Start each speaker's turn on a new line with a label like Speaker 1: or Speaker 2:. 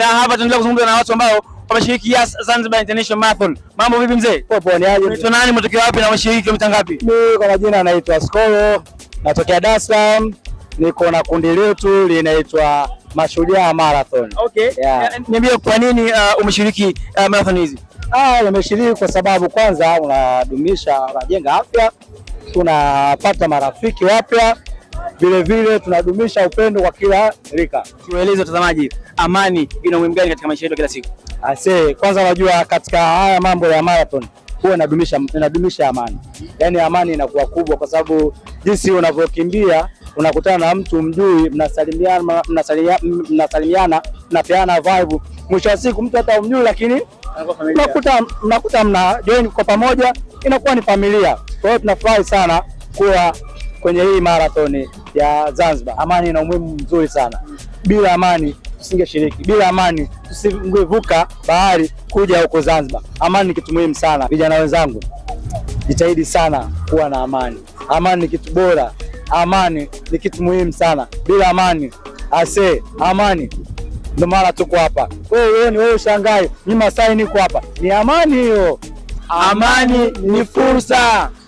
Speaker 1: na hapa tunaendelea kuzungumza na watu ambao wameshiriki Yas Zanzibar International Marathon. Mambo vipi mzee?
Speaker 2: Poa, ni aje?
Speaker 1: Unaitwa nani, umetokea wapi na umeshiriki kilomita ngapi?
Speaker 2: Mimi kwa majina naitwa Skolo, natokea Dar es Salaam, niko na kundi letu linaitwa Mashujaa Marathon.
Speaker 1: Okay. Yeah. Eh, niambie kwa nini uh, umeshiriki uh, marathon hizi?
Speaker 2: Ah, nimeshiriki kwa sababu kwanza unadumisha, unajenga afya, tunapata marafiki wapya vilevile tunadumisha upendo kwa kila rika.
Speaker 1: Tueleze watazamaji, amani ina umuhimu gani katika maisha yetu kila siku?
Speaker 2: Ase, kwanza unajua katika haya mambo ya marathon huwa inadumisha inadumisha amani, yaani amani inakuwa kubwa kwa sababu jinsi unavyokimbia unakutana na mtu mjui, mnasalimiana mnasalimiana, mnapeana vibe, mwisho wa siku mtu hata umjui, lakini mnakuta mnakuta mna join kwa pamoja, inakuwa ni familia. Kwa hiyo tunafurahi sana kuwa kwenye hii marathoni ya Zanzibar. Amani ina umuhimu mzuri sana, bila amani tusingeshiriki, bila amani tusingevuka bahari kuja huko Zanzibar. Amani ni kitu muhimu sana. Vijana wenzangu, jitahidi sana kuwa na amani. Amani ni kitu bora, amani ni kitu muhimu sana. Bila amani ase, amani ndio maana tuko hapa. Wewe ni wewe ushangae ni Masai, niko hapa, ni amani hiyo. Amani ni fursa.